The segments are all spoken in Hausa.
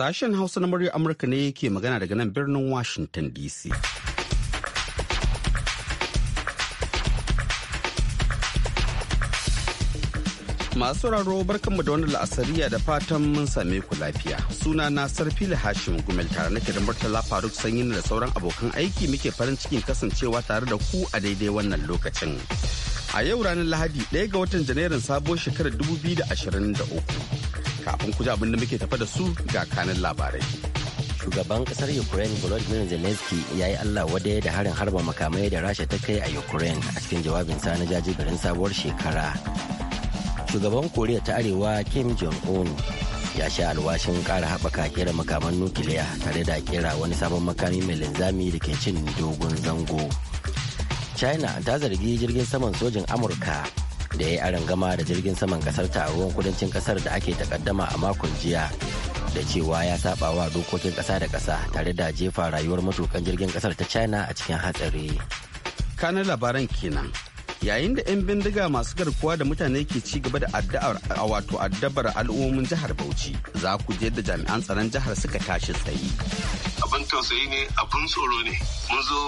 Sashen Hausa na murya Amurka ne ke magana daga nan birnin Washington DC. Masu raro barkanmu da wani la'asariya da fatan mun same ku lafiya. Suna na la Hashim Gumel tare na da Murtala Faruk Sanyin da sauran abokan aiki muke farin cikin kasancewa tare da ku a daidai wannan lokacin. A yau ranar Lahadi ɗaya ga watan Janairun sabon shekarar 2023. kafin ku abin da muke tafa da su ga kanin labarai. Shugaban kasar Ukraine Volodymyr Zelensky ya yi Allah wadai da harin harba makamai da Rasha ta kai a Ukraine a cikin jawabin sa na jajibirin sabuwar shekara. Shugaban Koriya ta Arewa Kim Jong-un ya sha alwashin kara haɓaka kera makaman nukiliya tare da kera wani sabon makami mai linzami da ke cin dogon zango. China ta zargi jirgin saman sojin Amurka da ya yi gama da jirgin saman kasar ta a ruwan kudancin kasar da ake takaddama a makon jiya da cewa ya saba wa dokokin kasa da kasa tare da jefa rayuwar matukan jirgin kasar ta china a cikin hatsari kanan labaran kenan yayin da 'yan bindiga masu garkuwa da mutane ke ci gaba da addu'ar a wato addabar al'ummomin jihar bauchi za ku je da jami'an tsaron jihar suka tashi tsaye abin tausayi ne abin tsoro ne mun zo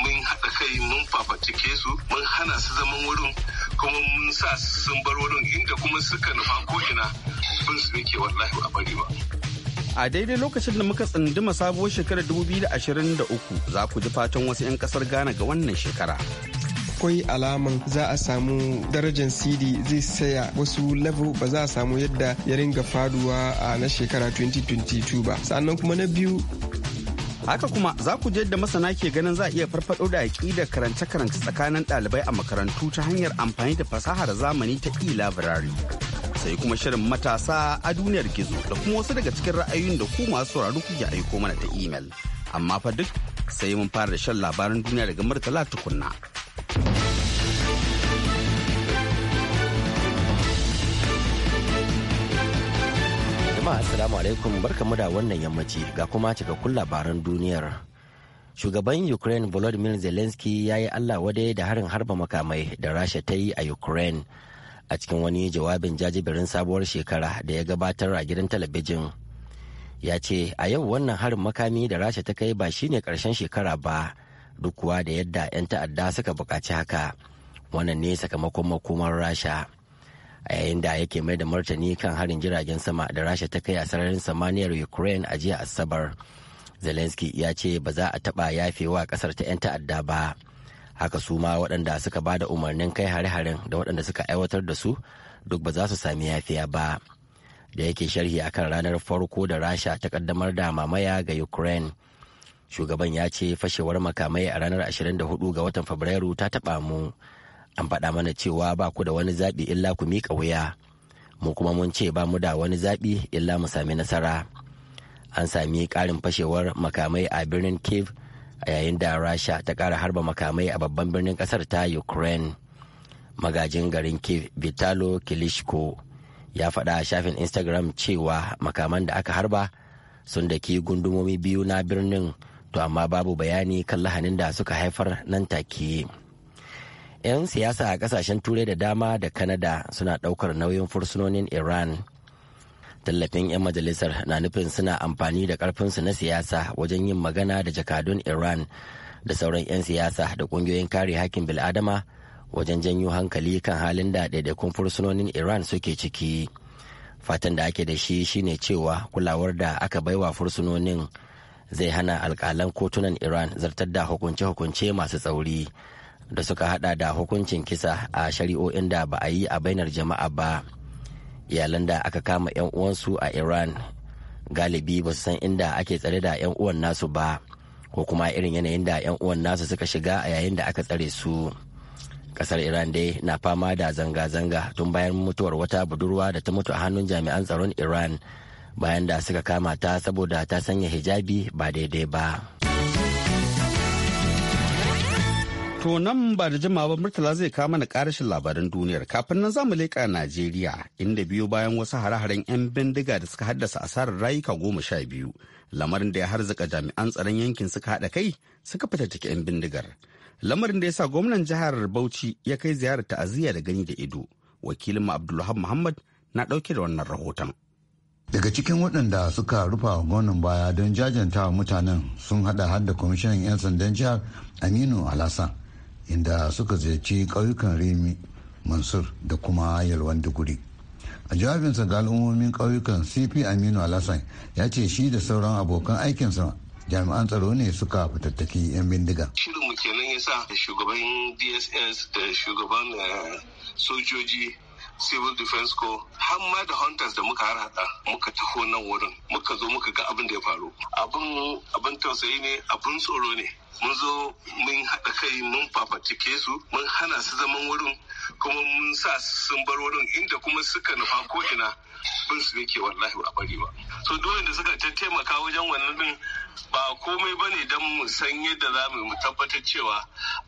mun haɗa kai mun fafatike su mun hana su zaman wurin kuma mun sa sun bar wurin inda kuma suka nufa ko ina bin su ke wallahi a bari ba a daidai lokacin da muka tsunduma sabuwar shekarar 2023 za ku ji fatan wasu 'yan kasar ghana ga wannan shekara akwai alaman za a samu darajar cd zai saya wasu level ba za a samu yadda ya ringa faduwa a na shekara 2022 ba sannan kuma na biyu haka kuma za ku je da masana ke ganin za a iya farfado da da karance-karance tsakanin ɗalibai a makarantu ta hanyar amfani da fasahar zamani ta e-library sai kuma shirin matasa a duniyar gizo da kuma wasu daga cikin ra'ayoyin da ku masu sauraro kuke aiko mana ta email amma fa duk sai mun fara da shan labaran duniya daga murtala tukunna. jama'a assalamu alaikum barkamu da wannan yammaci ga kuma cikakkun labaran duniyar shugaban ukraine volodymyr zelensky ya yi allah wadai da harin harba makamai da rasha ta yi a ukraine a cikin wani jawabin jajibirin sabuwar shekara da ya gabatar a gidan talabijin ya ce a yau wannan harin makami da rasha ta kai ba shine karshen shekara ba duk kuwa da yadda 'yan ta'adda suka buƙaci haka wannan ne sakamakon makomar rasha a yayin da yake mai da martani kan harin jiragen sama da rasha ta kai a sararin samaniyar ukraine a jiya asabar zelensky ya ce ba za a taɓa yafewa ƙasar ta 'yan ta'adda ba haka su ma waɗanda suka ba da umarnin kai hare-haren da waɗanda suka aiwatar da su duk ba za su sami yafiya ba da yake sharhi akan ranar farko da rasha ta kaddamar da mamaya ga ukraine shugaban ya ce fashewar makamai a ranar 24 ga watan fabrairu ta taɓa mu an faɗa mana cewa ba ku da wani zaɓi illa ku miƙa wuya mu kuma mun ce ba mu da wani zaɓi illa mu sami nasara an sami ƙarin fashewar makamai a birnin kiev a yayin da rasha ta ƙara harba makamai a babban birnin ƙasar ta ukraine magajin garin kiev vitalo kilishko ya faɗa a shafin instagram cewa makaman da aka harba sun daki gundumomi biyu na birnin to amma babu bayani kan lahanin da suka haifar nan take. 'yan siyasa a kasashen turai da dama da kanada suna daukar nauyin fursunonin iran tallafin 'yan majalisar na nufin suna amfani da karfinsu na siyasa wajen yin magana da jakadun iran da sauran 'yan siyasa da kungiyoyin kare hakkin bil'adama wajen janyo hankali kan halin da daidaikun fursunonin iran suke ciki fatan da ake da shi shine cewa kulawar da aka baiwa fursunonin zai hana alkalan kotunan iran zartar da hukunce-hukunce masu tsauri da suka hada da hukuncin kisa a shari'o'in da ba a yi a bainar jama'a ba iyalan da aka kama 'yan uwansu a iran galibi ba su san inda ake tsare da 'yan uwan nasu ba ko kuma irin yanayin da 'yan uwan nasu suka shiga a yayin da aka tsare su kasar iran dai na fama da zanga-zanga tun bayan mutuwar wata budurwa da ta mutu a hannun jami'an tsaron iran bayan da suka kama ta saboda ta sanya hijabi ba daidai ba. To nan ba da jimawa Murtala zai kawo mana karashin labaran duniyar kafin nan mu leƙa Najeriya inda biyu bayan wasu hare-haren 'yan bindiga da suka haddasa asarar rayuka goma sha biyu. Lamarin da ya harzika jami'an tsaron yankin suka haɗa kai suka fita cike 'yan bindigar. Lamarin da ya sa gwamnan jihar Bauchi ya kai ziyarar ta'aziyya da gani da ido. Wakilin mu Abdulwahab Muhammad na ɗauke da wannan rahoton. daga cikin waɗanda suka rufa gwamnan baya don jajanta mutanen sun haɗa har da kwamishinan 'yan sandan jihar aminu alhassan inda suka ziyarci ƙauyukan remi mansur da kuma yalwan duguri a jawabinsa ga al'ummomin ƙauyukan cp aminu alasan ya ce shi da sauran abokan aikinsa jami'an tsaro ne suka fitattaki 'yan bindiga shirinmu kenan ya sa shugaban dss da shugaban eh, sojoji civil defense ko har ma da hunters da muka harhaɗa muka taho nan wurin muka zo muka ga abin da ya faru abun abin tausayi ne abin tsoro ne mun zo mun haɗa kai mun fafatike su mun hana su zaman wurin kuma mun sa sun bar wurin inda kuma suka nufa ko ina bin su yake wallahi ba bari ba so dole da suka taimaka wajen wannan din ba komai ba ne don mu san yadda za mu tabbatar cewa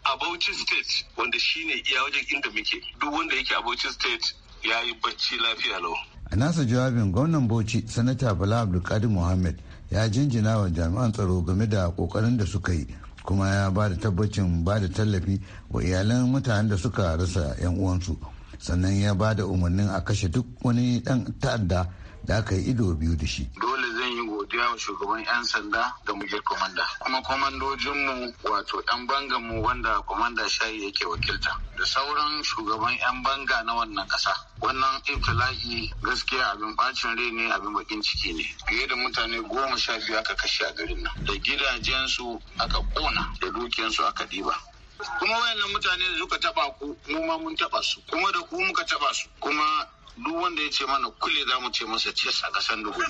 a Bauchi state wanda shine iya wajen inda muke duk wanda yake a Bauchi state ya yi bacci lafiya lau a nasa jawabin gwamnan bauchi sanata bala abdulkadir muhammad ya jinjina wa jami'an tsaro game da kokarin da suka yi kuma ya ba da tabbacin ba da tallafi wa iyalan mutanen da suka rasa 'yan uwansu sannan ya ba da umarnin a kashe duk wani dan ta'adda da aka yi ido biyu da shi dole wa shugaban 'yan sanda da mugir komanda kuma komandojinmu wato 'yan bangan mu wanda komanda shayi yake wakilta da sauran shugaban 'yan banga na wannan ƙasa wannan iftila'i gaskiya abin bacin rai ne abin bakin ciki ne fiye da mutane goma sha biyu aka kashe a garin nan da gidajensu aka kona da dukiyansu aka diba. kuma wayannan mutane da suka taba ku mu ma mun taba su kuma da ku muka taba su kuma duk wanda ya ce mana kule za mu ce masa cis a kasan dubu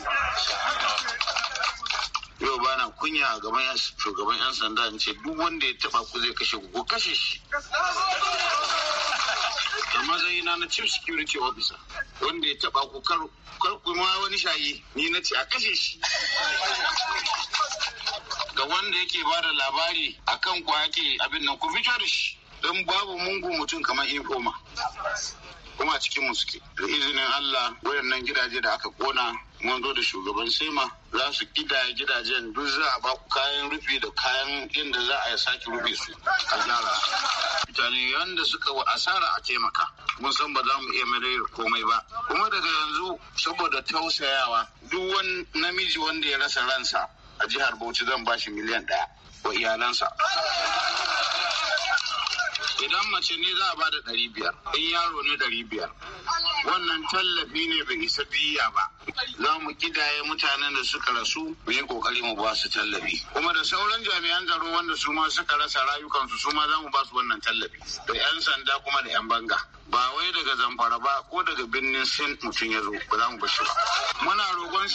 yau ba na kunya a gaban shugaban yan sanda in ce duk wanda ya taba ku zai kashe ku kashe shi da zai na chief security officer wanda ya taba ku kar kuma wani shayi ni na ce a kashe shi ga wanda yake ba da labari akan ku ake abin nan ku fito da shi don babu mungu mutum kamar infoma. kuma a cikin mu suke da izinin Allah waɗannan gidaje da aka kona mun zo da shugaban sema za su gidaya gidajen duk za a baku kayan rufi da kayan inda za a sake rufe su a gyara mutane yanda suka wa asara a taimaka mun san ba za mu iya mai komai ba kuma daga yanzu saboda tausayawa duk wani namiji wanda ya rasa ransa a jihar Bauchi zan ba shi miliyan ɗaya wa iyalansa idan mace ne za a ba da ɗari biyar in yaro ne ɗari biyar wannan tallafi ne bai isa biya ba za mu kidaye mutanen da suka rasu mu yi kokari mu ba su tallafi kuma da sauran jami'an tsaro wanda su ma suka rasa rayukansu su ma za mu ba su wannan tallafi da 'yan sanda kuma da 'yan banga ba wai daga zamfara ba ko daga birnin sin mutum ya zo ba za mu bashi ba muna roƙon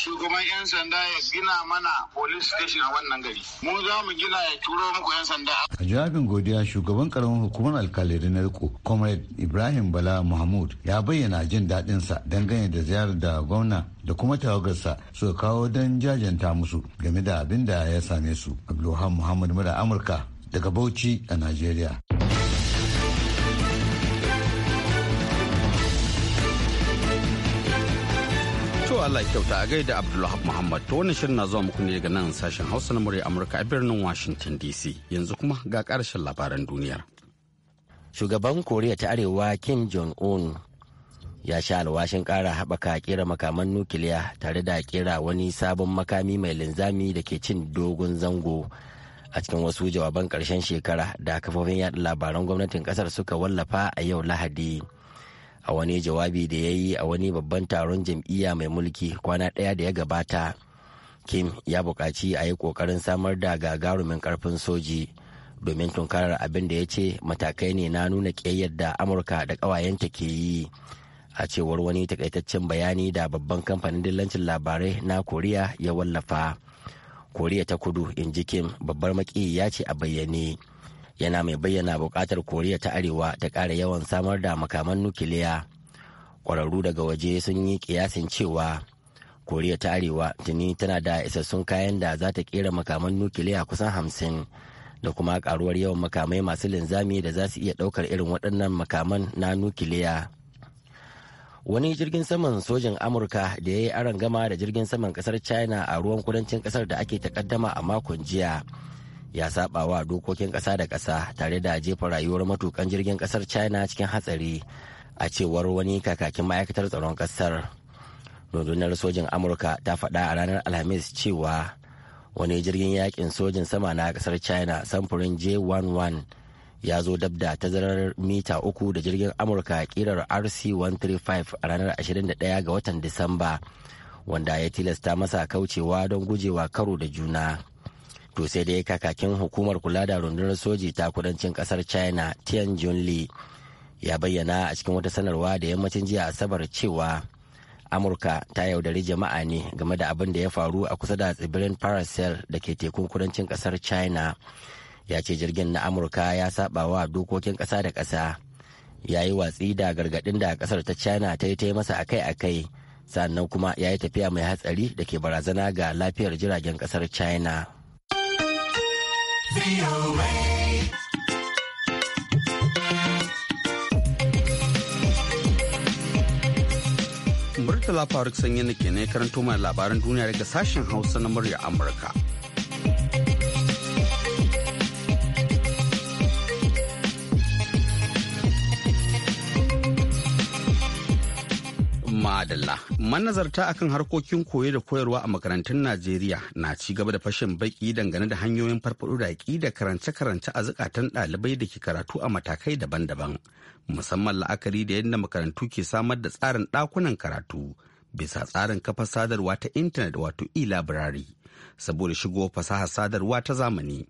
shugaban 'yan sanda ya gina mana police station a wannan gari mu za mu gina ya turo muku 'yan sanda a jawabin godiya shugaban karamin hukumar alkalai na riko comrade ibrahim bala mahmud ya bayyana jin daɗinsa dangane da ziyarar da gwamna da kuma tawagarsa suka kawo don jajanta musu game da abin da ya same su abdulhan muhammad mura amurka daga bauchi a najeriya To Allah kyauta a gaida Abdullahi Muhammad to wani shirin na zuwa muku ne daga nan sashen Hausa na murya Amurka a birnin Washington DC yanzu kuma ga karshen labaran duniyar. Shugaban Koriya ta Arewa Kim Jong-un ya sha alwashin kara haɓaka kera makaman nukiliya tare da kera wani sabon makami mai linzami da ke cin dogon zango a cikin wasu jawaban ƙarshen shekara da kafofin yaɗa labaran gwamnatin ƙasar suka wallafa a yau lahadi a wani jawabi da ya yi a wani babban taron jam'iyya mai mulki kwana ɗaya da ya gabata kim ya buƙaci a yi ƙoƙarin samar da gagarumin ƙarfin soji domin tunkarar abin da ya ce matakai ne na nuna ƙiyayyar da amurka da ƙawayenta ke yi a cewar wani takaitaccen bayani da babban kamfanin dillancin labarai na koriya ya wallafa koriya ta kudu in ji kim babbar ya ce a bayyane yana mai bayyana buƙatar koriya ta arewa ta ƙara yawan samar da makaman nukiliya ƙwararru daga waje sun yi kiyasin cewa koriya ta arewa tuni tana da isassun kayan da za ta ƙera makaman nukiliya kusan hamsin da kuma ƙaruwar yawan makamai masu linzami da za su iya ɗaukar irin waɗannan makaman na nukiliya wani jirgin saman sojin amurka da ya yi aron gama da jirgin saman kasar china a ruwan kudancin kasar da ake takaddama a makon jiya ya saba wa dokokin kasa da kasa tare da jefa rayuwar matukan jirgin kasar china cikin hatsari a cewar wani kakakin ma'aikatar tsaron kasar rundunar sojin amurka ta faɗa a ranar alhamis cewa wani jirgin yakin sojin sama na kasar china samfurin j 11 ya zo dab da tazarar mita uku da jirgin amurka kirar rc-135 a ranar 21 ga watan disamba wanda ya tilasta masa kaucewa don gujewa karo da juna to sai dai kakakin hukumar kula da rundunar soji ta kudancin kasar china tian junli ya bayyana a cikin wata sanarwa da yammacin jiya asabar cewa amurka ta yaudari jama'a ne game da abin da ya faru a kusa da tsibirin paracel da ke tekun kudancin kasar china ya ce jirgin na amurka ya saba wa dokokin kasa da kasa ya yi watsi da gargadin da kasar ta china ta yi ta masa akai-akai sannan kuma ya yi tafiya mai hatsari da ke barazana ga lafiyar jiragen kasar china Murtala Faruk Sanyi na ke ne karanto mai labaran duniya daga sashen Hausa na murya Amurka. madalla manazarta akan harkokin koyo da koyarwa a makarantun najeriya na ci gaba da fashin baki dangane da hanyoyin farfaɗo da da karance-karance a zukatan ɗalibai da ke karatu a matakai daban-daban musamman la'akari da yadda makarantu ke samar da tsarin ɗakunan karatu bisa tsarin kafar sadarwa ta intanet wato e-library saboda shigo fasahar sadarwa ta zamani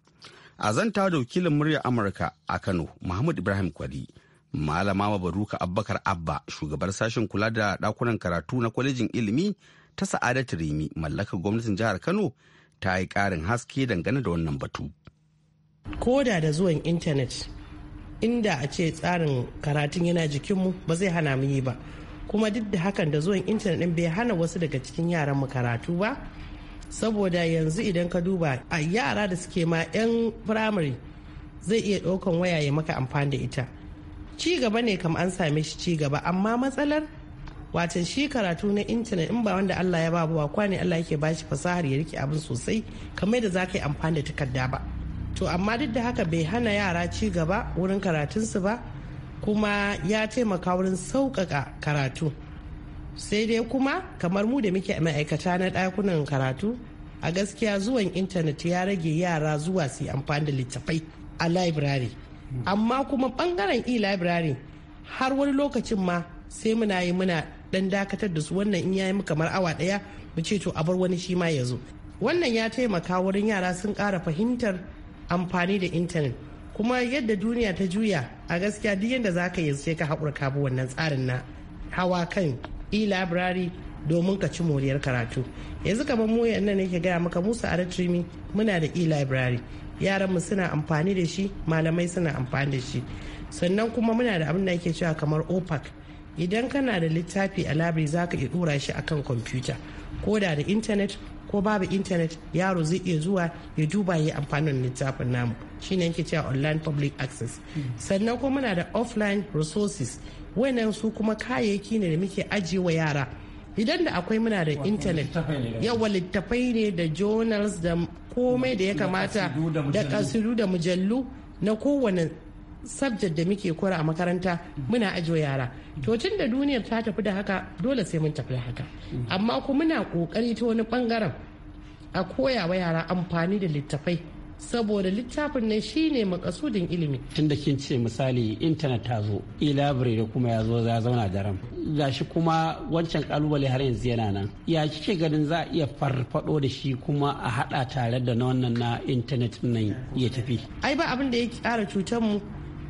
a zanta da wakilin muryar amurka a kano muhammad ibrahim kwari malama mabaruka abbakar abba shugabar sashen kula da dakunan karatu na kwalejin ilimi ta sa'adatu rimi mallakar gwamnatin jihar kano ta yi karin haske dangane da wannan batu ko da zuwan intanet inda a ce tsarin karatun yana jikinmu ba zai hana mu yi ba kuma duk da hakan da zuwan intanet ɗin bai hana wasu daga cikin yaran mu karatu ba saboda yanzu idan ka duba a yara da suke ma 'yan firamare zai iya ɗaukan waya ya maka amfani da ita ci gaba ne kam an same shi ci gaba amma matsalar watan shi karatu na intanet in ba wanda Allah ya ba wa kwa ne Allah yake bashi fasahar ya rike abin sosai kamar da za ka yi amfani da takarda ba to amma duk da haka bai hana yara ci gaba wurin karatunsu ba kuma ya taimaka wurin sauƙaƙa karatu sai dai kuma kamar mu da muke ma'aikata na ɗakunan karatu a gaskiya zuwan intanet ya rage yara zuwa su yi amfani da littattafai a library amma kuma bangaren e-library har wani lokacin ma sai muna yi muna dan dakatar da su wannan in yayi kamar awa daya mu ce to a bar wani shi ma ya zo wannan ya taimaka wurin yara sun kara fahimtar amfani da intanet kuma yadda duniya ta juya a gaskiya duk yadda za ka yanzu sai ka haƙura ka bi wannan tsarin na hawa kan e-library domin ka ci moriyar karatu yanzu kamar mu nan ke gaya maka musa a muna da e-library yaran mu suna amfani da shi malamai suna amfani da shi sannan kuma muna da abin da ake cewa kamar opac idan kana da littafi a labari za ka iya dora shi akan kwamfuta ko da da intanet ko babu intanet yaro zai iya zuwa ya duba ya amfani da littafin namu shi ne yake cewa online public access sannan kuma muna da offline resources wannan su kuma kayayyaki ne da muke ajiye wa yara idan da akwai muna da intanet yawa littafai ne da journals da komai da ya kamata da kasidu da mujallu na kowane subject da muke kora a makaranta muna ajo yara to tun da duniyar ta tafi da haka dole sai mun tafi da haka amma kuma muna kokari ta wani bangaren a koyawa yara amfani da littafai saboda littafin nan ne makasudin ilimi tun da kin ce misali intanet ta zo e da kuma ya zo ya zauna ga gashi kuma wancan kalubale har yanzu yana nan ya kike ganin za a iya farfado da shi kuma a hada tare da na wannan na intanet nan ya tafi ai ba abin da ya kara cutar mu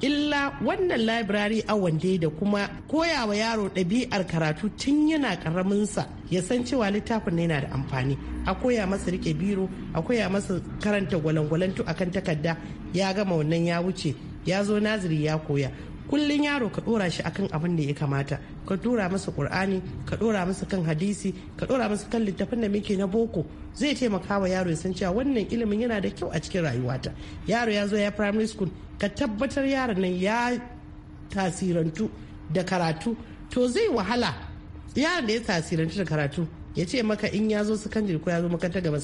illa wannan library a dai da kuma koya wa yaro ɗabi'ar karatu tun yana karaminsa ya san cewa littafin na yana da amfani a koya masa rike biro a koya masa karanta gwalangwalantu akan takarda ya gama wannan ya wuce ya zo naziri ya koya kullun yaro ka dora shi akan abin da ya kamata ka dora masa qur'ani ka dora masa kan hadisi ka dora masa kan littafin da muke na boko zai taimaka wa yaro ya san cewa wannan ilimin yana da kyau a cikin rayuwata yaro ya zo ya primary school ka tabbatar yaron nan ya tasirantu da karatu to zai wahala yaron da ya tasirantu da karatu ya ce maka in ya zo sakandare ko ya zo makaranta gaba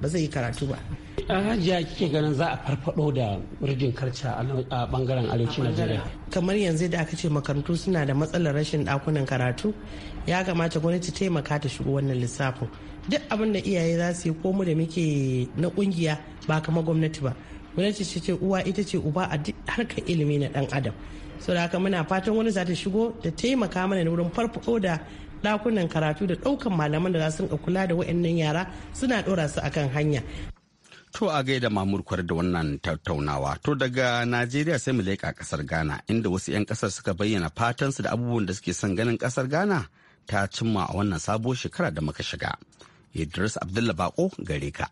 ba zai yi karatu ba a hajiya kike ganin za a farfado da rigin karca a bangaren arewacin najeriya kamar yanzu da aka ce makarantu suna da matsalar rashin dakunan karatu ya kamata gwamnati taimaka ta shigo wannan lissafin duk abin da iyaye za su yi ko mu da muke na kungiya ba kama gwamnati ba gwamnati ce ce uwa ita ce uba a duk harkar ilimi na dan adam so da haka muna fatan wani za ta shigo da taimaka mana wurin farfado da dakunan karatu da daukan malaman da za su kula da waɗannan yara suna dora su akan hanya To a gaida mamurkwar da wannan tattaunawa. To daga Najeriya sai mu leƙa ƙasar Ghana inda wasu 'yan ƙasar suka bayyana fatan su da abubuwan da suke son ganin ƙasar Ghana ta cimma a wannan sabuwar shekara da muka shiga. Idris Abdullah Bako gare ka.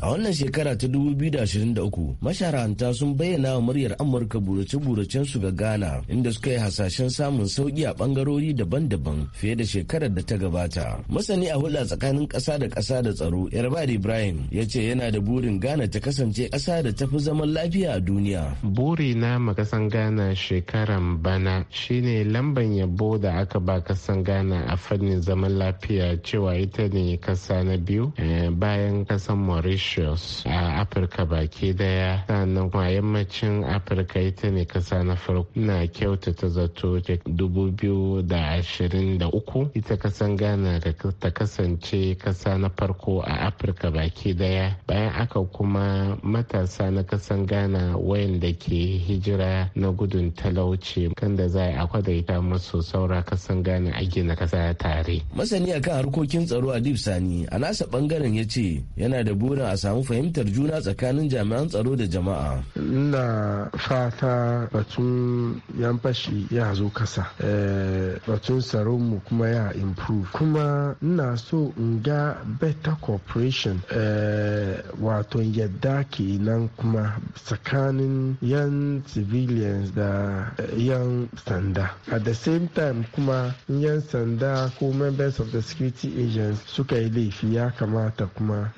A wannan shekara ta 2023, masharanta sun bayyana wa muryar Amurka burace-buracensu su ga Ghana, inda suka yi hasashen samun sauki a bangarori daban-daban fiye da shekarar da ta gabata. Masani a hulɗa tsakanin ƙasa da ƙasa da tsaro, Yarbad Ibrahim, ya ce yana da burin Ghana ta kasance ƙasa da ta fi zaman lafiya a duniya. Buri na makasan Ghana shekaran bana shine lamban yabo da aka ba kasan Ghana a fannin zaman lafiya cewa ita ne kasa na biyu eh, bayan kasan Mauritius. mauritius a afirka baki daya sannan kuma yammacin afirka ita ne kasa na farko na ta zato dubu biyu da ashirin da uku ita kasan ghana ta kasance kasa na farko a afirka baki daya bayan aka kuma matasa na kasan ghana wayanda ke hijira na gudun talauci kan da za a kwadaita masu saura kasan ghana a gina kasa tare masani kan harkokin tsaro a sani a nasa bangaren ya ce yana da burin a samu fahimtar juna tsakanin jami'an tsaro da jama'a. Ina fata batun yan fashi ya zo kasa, eh, batun mu kuma ya improve. Kuma ina so in ga better cooperation eh, wato yadda kenan kuma tsakanin yan civilians da eh, yan sanda. At the same time kuma yan sanda ko members of the security agents suka yi laifi ya kamata kuma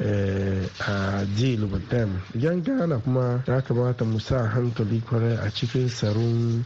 a jil yan gana kuma ya kamata mu sa hankali kwarai a cikin tsaron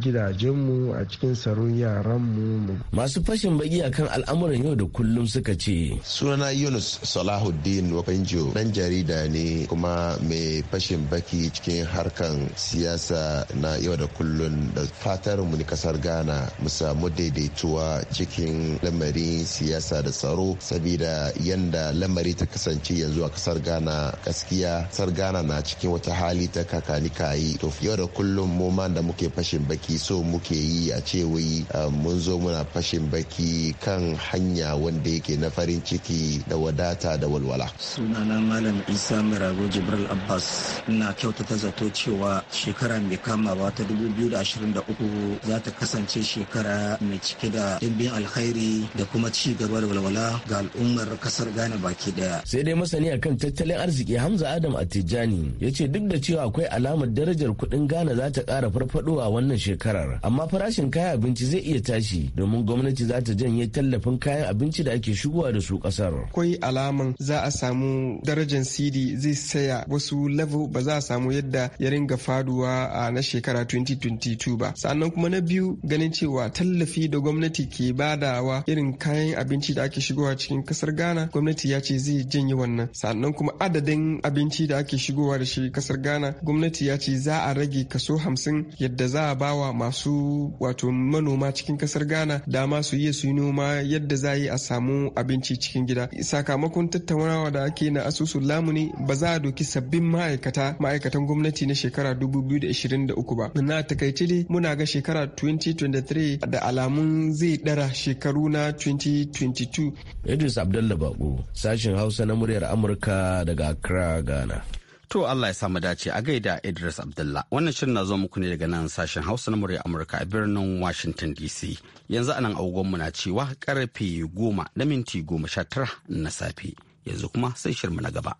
gidajenmu a cikin tsaron yaranmu masu fashin baki akan al'amuran yau da kullum suka ce sunana yunus salahuddin wakanjo dan jarida ne kuma mai fashin baki cikin harkan siyasa na yau da kullum da fatar mu ni kasar ghana mu samu daidaituwa cikin lamarin siyasa da tsaro sabida yanda lamari ta kasance yanzu a kasar kasar ghana gaskiya kasar ghana na cikin wata hali ta kakani kayi to yau da kullum mu ma da muke fashin baki so muke yi a ce wai eh, mun zo muna fashin baki kan hanya wanda yake na farin ciki da wadata da walwala sunana malam isa mirago jibril abbas ina ta zato cewa shekara mai kama kamawa ta 2023 za ta kasance shekara mai cike da dimbin alkhairi da kuma ci gaba da walwala ga al'ummar kasar ghana baki daya sai dai masani akan tattalin arziki Hamza Adam Atijani ya ce duk da cewa akwai alamar darajar kuɗin Ghana za ta ƙara farfadowa wannan shekarar amma farashin kayan abinci zai iya tashi domin gwamnati za ta janye tallafin kayan abinci da ake shigowa da su kasar. Akwai alaman za a samu darajar CD zai saya wasu level ba za a samu yadda ya ringa faduwa a na shekara 2022 ba. Sannan kuma na biyu ganin cewa tallafi da gwamnati ke badawa irin kayan abinci da ake shigowa cikin kasar Ghana gwamnati ya ce zai janye wannan. Sannan sannan kuma adadin abinci da ake shigowa da shi kasar ghana gwamnati ya ce za a rage kaso hamsin yadda za a bawa masu wato manoma cikin kasar ghana dama su iya su yi noma yadda za yi a samu abinci cikin gida sakamakon tattaunawa da ake na asusun lamuni ba za a doki sabbin ma'aikata ma'aikatan gwamnati na shekara 2023 ba na takaice dai muna ga shekara 2023 da alamun zai dara shekaru na 2022 idris bako sashen hausa na muryar amurka Amurka daga Accra, Ghana. To Allah ya samu dace a gaida Idris Abdullah. Wannan shirin na zo muku ne daga nan sashen Hausa na murya Amurka a birnin Washington DC. Yanzu anan mu na cewa karfe goma da minti goma sha tara na safe. Yanzu kuma sai shirmu na gaba.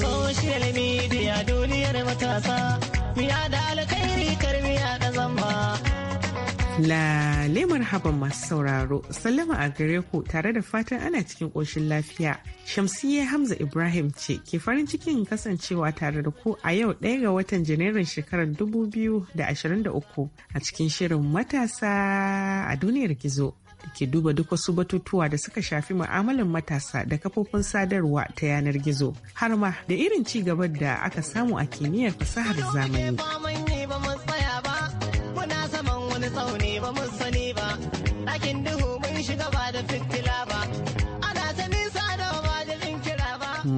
Social midiya duniyar matasa, miya da da zamba. marhaban masu sauraro sallama a gare ku tare da fatan ana cikin ƙoshin lafiya shamsiyya hamza ibrahim ce ke farin cikin kasancewa tare da ku a yau ɗaya ga watan janairun shekarar 2023 a cikin shirin matasa a duniyar gizo da ke duba duk wasu batutuwa da suka shafi mu'amalan matasa da kafofin sadarwa ta yanar gizo har ma da irin ci gaban da aka samu a kimiyyar fasahar zamani.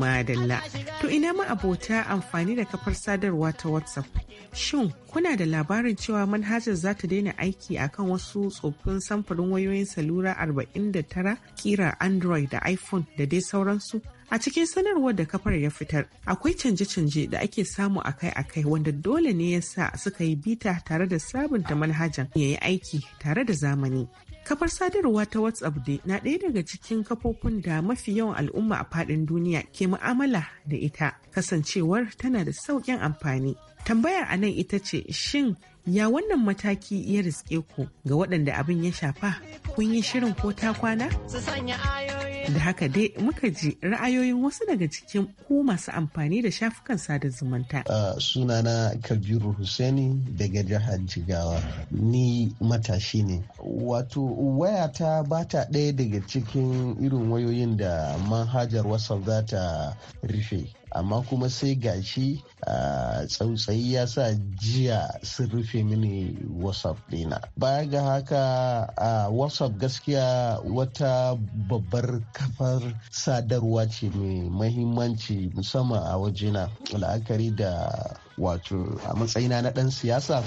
madalla. To ina ma abota amfani da kafar sadarwa ta WhatsApp. Shin kuna da labarin cewa manhajar za ta daina aiki akan wasu tsoffin samfurin wayoyin salura 49 kira Android da iPhone da dai sauransu? A cikin sanarwar da kafar ya fitar, akwai canje-canje da ake samu akai-akai wanda dole ne ya sa suka yi bita tare da sabunta manhajan ya yi aiki tare da zamani. Kafar sadarwa ta WhatsApp dai na ɗaya daga cikin kafofin da mafi yawan al'umma a faɗin duniya ke mu'amala da ita, kasancewar tana da sauƙin amfani. Tambayar a nan ita ce, shin ya wannan mataki ya riske ku ga waɗanda abin ya shafa? Kun yi shirin ko ta kwana? Su sanya ayo Da haka dai muka ji ra'ayoyin wasu daga cikin ku masu amfani da shafukan sada zumunta. Uh, sunana Kabiru Hussaini daga jihar Jigawa. Ni matashi ne. Wato wayata ba ta ɗaya daga cikin irin wayoyin da manhajar WhatsApp za ta rufe. amma kuma sai gashi a tsautsayi ya sa jiya sun rufe mini whatsapp dina baya ga haka a whatsapp gaskiya wata babbar kafar sadarwa ce mai mahimmanci musamman a wajena la'akari da wato a matsayina na dan siyasa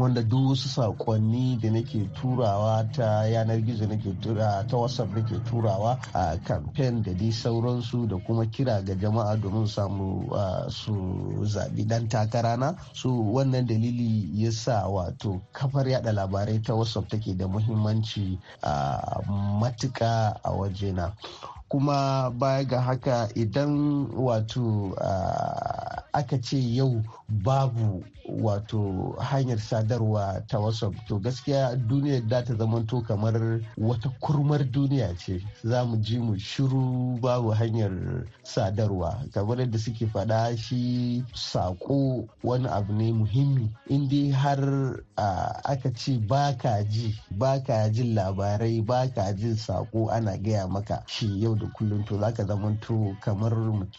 wanda duk wasu saƙonni da nake turawa ta yanar gizo nake tura ta whatsapp nake turawa a kamfen da dai sauransu da kuma kira ga jama'a domin samu su zaɓi takara takarana su wannan dalili ya sa wato kafar yada labarai ta whatsapp take da muhimmanci a matuka a wajena kuma baya ga haka idan wato ah, aka ce yau babu wato hanyar sadarwa ta whatsapp to gaskiya duniya da ta zamanto kamar wata kurmar duniya ce za mu ji mu shiru babu hanyar sadarwa kamar yadda suke faɗa shi saƙo wani abu ne muhimmi inda har ah, aka ce ba ka ji ba ka jin labarai ba ka jin saƙo ana gaya maka shi yau da kullum to zaka zamanto kamar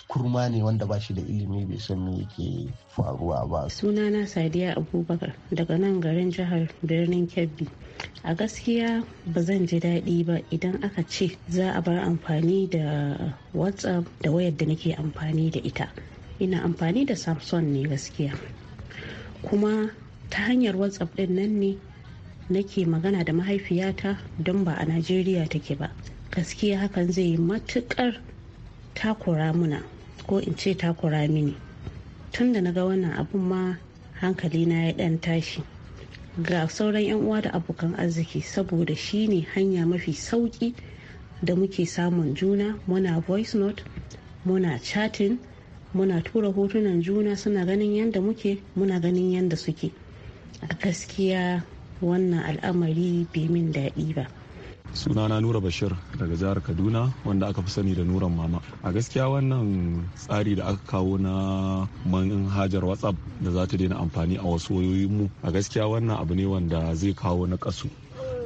kurma ne wanda ba shi da ilimi bai san me yake faruwa ba sunana sadiya abubakar daga nan garin jihar birnin kebbi a gaskiya ba zan ji daɗi ba idan aka ce za a bar amfani da whatsapp da wayar da nake amfani da ita ina amfani da samson ne gaskiya kuma ta hanyar whatsapp ɗin nan ne nake magana da mahaifiyata don ba a najeriya take ba gaskiya hakan zai yi matukar takura muna ko in ce takura mini tun da na ga wannan abun ma hankali na ya dan tashi ga sauran 'yan uwa da abokan arziki saboda shi ne hanya mafi sauki da muke samun juna muna voice note muna chatting muna tura hotunan juna suna ganin yadda muke muna ganin yadda suke a gaskiya wannan al'amari bai min daɗi ba sunana nura bashir daga jihar kaduna wanda aka fi sani da nuran mama a gaskiya wannan tsari da aka kawo na manhajar whatsapp da za ta daina amfani a wasu wayoyinmu a gaskiya wannan abu ne wanda zai kawo na kasu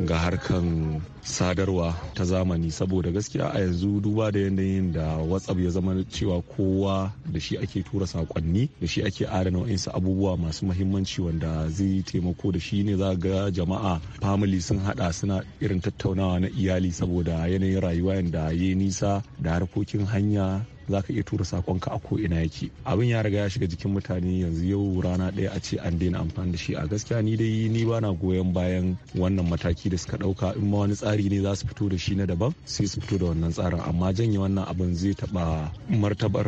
ga harkan sadarwa ta zamani saboda gaskiya a yanzu duba da yanayin da whatsapp ya zama cewa kowa da shi ake tura sakonni da shi ake adana wa'insu abubuwa masu mahimmanci wanda zai taimako da shi ne za ga jama'a Famili sun hada suna irin tattaunawa na iyali saboda yanayin rayuwa yanda ya nisa da harkokin hanya za ka iya tura sakonka a ko'ina yake abin ya riga ya shiga jikin mutane yanzu yau rana ɗaya a ce an daina amfani da shi a gaskiya ni dai ni ba na goyon bayan wannan mataki da suka ɗauka in ma wani tsari ne za su fito da shi na daban sai su fito da wannan tsarin amma janye wannan abin zai taɓa martabar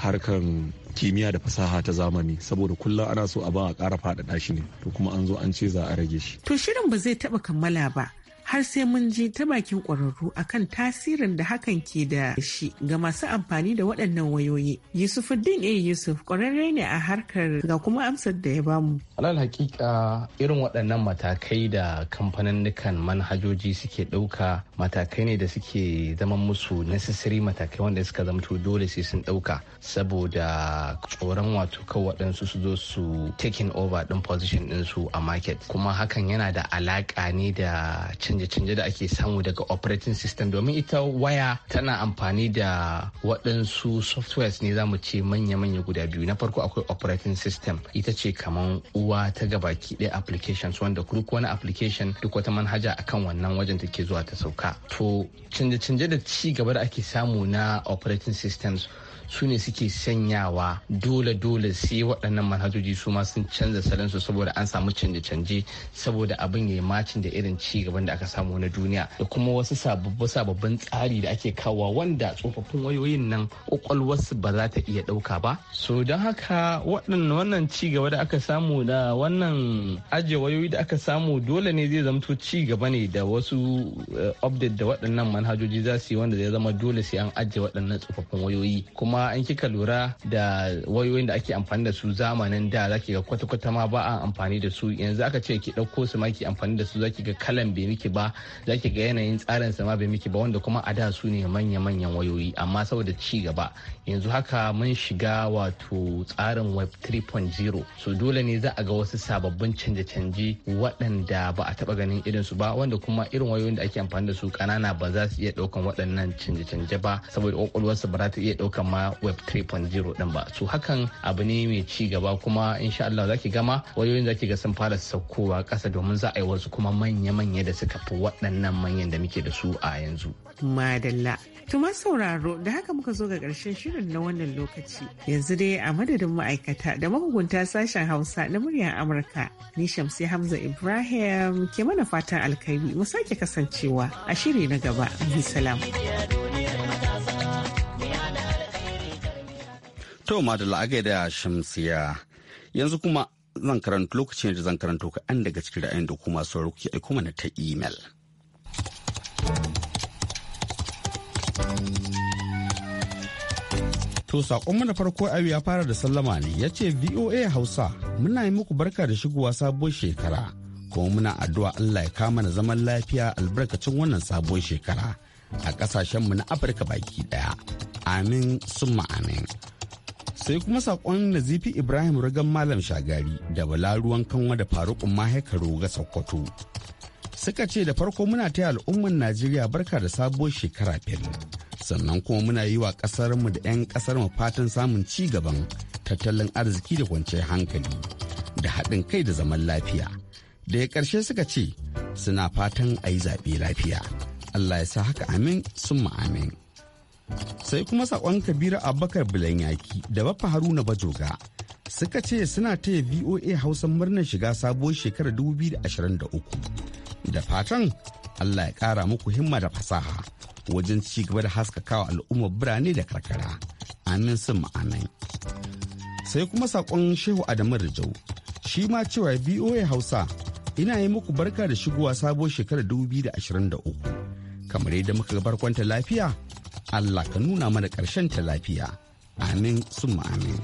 harkan kimiyya da fasaha ta zamani saboda kullum ana so a ba a ƙara faɗaɗa shi ne to kuma an zo an ce za a rage shi. To shirin ba zai taɓa kammala ba har sai mun ji ta bakin ƙwararru akan tasirin da hakan ke da shi ga masu amfani da waɗannan wayoyi. Yusufuddin A. Yusuf ƙwararre ne a harkar ga kuma amsar da ya bamu. Alal hakika irin waɗannan matakai da kamfaninnikan manhajoji suke ɗauka matakai ne da suke zama musu necessary matakai wanda suka zamto dole sai sun ɗauka saboda tsoron wato kan waɗansu su zo su taking over ɗin position ɗinsu a market kuma hakan yana da alaƙa ne da canje-canje da ake samu daga operating system domin ita waya tana amfani da waɗansu softwares ne zamu ce manya-manya guda biyu na farko akwai operating system ita ce kaman uwa ta gabaki ɗaya applications wanda duk wani application duk wata manhaja akan wannan wajen take zuwa ta sauka to canje-canje da ci gaba da ake samu na operating systems su ne suke sanyawa dole dole sai waɗannan manhajoji su ma sun canza salansu saboda an samu canje-canje saboda abin ya yi macin da irin ci gaban da aka samu na duniya da kuma wasu sababbin tsari da ake kawo wanda tsofaffin wayoyin nan kwakwalwarsu ba za ta iya ɗauka ba so don haka wannan ci gaba da aka samu da wannan ajiye wayoyi da aka samu dole ne zai zamto ci gaba ne da wasu eh, update da waɗannan manhajoji za su yi wanda zai zama dole sai an ajiye waɗannan tsofaffin wayoyi kuma in kika lura da wayoyin da ake amfani da su zamanin da zaki ga kwata-kwata ma ba a amfani da su yanzu aka ce ki ɗauko su ma ki amfani da su zaki ga kalan bai miki ba zaki ga yanayin tsarin sa ma bai miki ba wanda kuma a da su ne manya-manyan wayoyi amma saboda ci gaba yanzu haka mun shiga wato tsarin web 3.0 so dole ne za a ga wasu sababbin canje-canje waɗanda ba a taɓa ganin irin su ba wanda kuma irin wayoyin da ake amfani da su ƙanana ba za su iya ɗaukan waɗannan canje-canje ba saboda ƙwaƙwalwarsu ba za ta iya ɗaukan ma web 3.0 din ba su hakan abu ne mai ci gaba kuma insha Allah zaki gama wayoyin zaki ga sun fara saukowa kasa domin za a yi wasu kuma manya-manya da suka fi waɗannan manyan da muke da su a yanzu. Madalla. Tuma sauraro da haka muka zo ga ƙarshen shirin na wannan lokaci. Yanzu dai a madadin ma'aikata da mahugunta sashen Hausa na muryar Amurka. Ni Shamsi Hamza Ibrahim ke mana fatan alkhairi mu sake kasancewa a shiri na gaba. bi salam. To da la'agai da shamsiya yanzu kuma zan karanta lokacin da zan karanta kaɗan daga cikin ra'ayin da kuma sauraro ke aiko mana ta imel. To saƙonmu na farko ayu ya fara da sallama ne ya ce VOA Hausa muna yi muku barka da shigowa sabon shekara kuma muna addu'a Allah ya kama na zaman lafiya albarkacin wannan sabon shekara a ƙasashenmu na Afirka baki ɗaya. Amin summa amin. sai kuma sakon nazifi ibrahim ragan malam shagari da bala ruwan kanwa da farukun mahaikaro ga sokoto suka ce da farko muna taya al'umman najeriya barka da sabuwar shekara fil sannan kuma muna yi wa mu da 'yan kasar mu fatan samun ci gaban tattalin arziki da kwanciyar hankali da haɗin kai da zaman lafiya da ya ƙarshe suka ce suna fatan a yi zaɓe lafiya allah ya sa haka amin sun amin sai kuma sakon kabira abubakar bilanyaki da bafa haruna bajoga suka ce suna taya voa hausa murnar shiga sabuwar shekarar 2023 da fatan allah ya kara muku himma da fasaha wajen ci gaba da haskakawa al'ummar birane da karkara amin sun ma'anai. sai kuma sakon shehu adamu rijau shi ma cewa voa hausa ina yi muku barka da shigowa sabuwar shekarar 2023 kamar yadda muka barkwanta lafiya Allah ka nuna mana ƙarshen ta lafiya. Amin summa amin.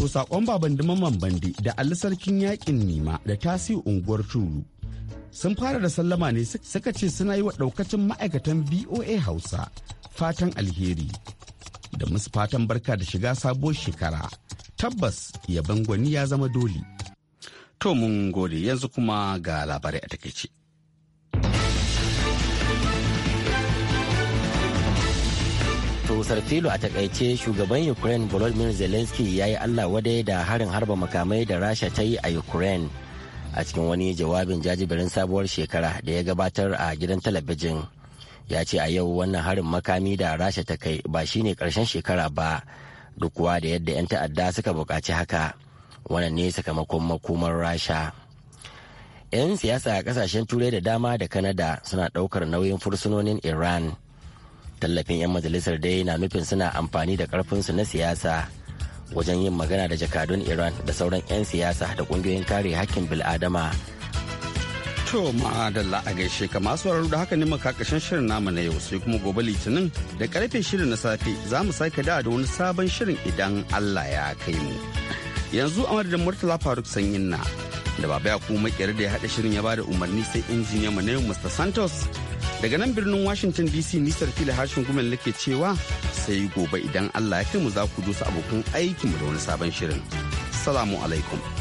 To saƙon baban dimaman bandi da Ali sarkin yaƙin nima da tasi unguwar turu sun fara da sallama ne suka ce suna yi wa ɗaukacin ma'aikatan BOA Hausa fatan alheri da musu fatan barka da shiga sabuwar shekara tabbas yabon gwani ya zama dole. To mun gode yanzu kuma ga labarai a takaice. To Sarfilo a takaice shugaban Ukraine Volodymyr Zelensky ya yi Allah wadai da harin harba makamai da Rasha ta yi a Ukraine a cikin wani jawabin jajibirin sabuwar shekara da ya gabatar a gidan talabijin. Ya ce a yau wannan harin makami da Rasha ta kai ba shi ne karshen shekara ba duk kuwa da yadda 'yan ta'adda suka buƙaci haka. Wannan ne sakamakon makomar Rasha. 'Yan siyasa a kasashen Turai da dama da Kanada suna ɗaukar nauyin fursunonin Iran. tallafin 'yan majalisar dai na nufin suna amfani da karfinsu na siyasa wajen yin magana da jakadun iran da sauran 'yan siyasa da kungiyoyin kare hakkin bil'adama to ma'adalla a gaishe ka masu wararru da haka ne makakashin shirin namu na yau sai kuma gobe litinin da karfe shirin na safe za mu sake da da wani sabon shirin idan allah ya kai mu yanzu a madadin murtala faruk sanyin na da baba ya kuma makera da ya haɗa shirin ya ba da umarni sai injiniya mu na yau mr santos Daga nan birnin Washington DC Nisar Fili harshen gumen lake cewa sai gobe idan Allah ya kai mu za ku dosa abokan aikinmu da wani sabon shirin. Salamu alaikum.